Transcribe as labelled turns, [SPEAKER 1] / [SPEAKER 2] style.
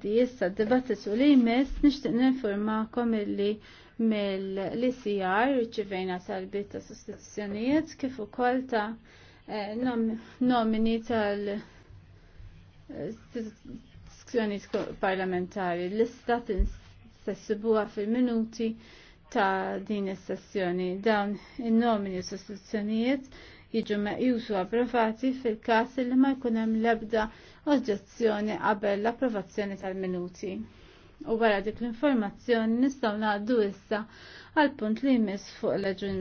[SPEAKER 1] Di jissa dibattitu li jmess nishtiq ninformakom illi mill-LCR riċivejna talbiet ta' sostituzzjonijiet kif ukoll ta' eh, nomini tal istituzzjoni parlamentari. L-lista tinsibuha fil-minuti ta' din is-sessjoni. Dawn in-nomini u sostituzzjonijiet jiġu meqjusu approvati fil-każ li ma jkun hemm l-ebda oġġezzjoni qabel l-approvazzjoni tal-minuti. U wara dik l-informazzjoni nistgħu ngħaddu issa għal
[SPEAKER 2] punt li jmiss fuq l aġun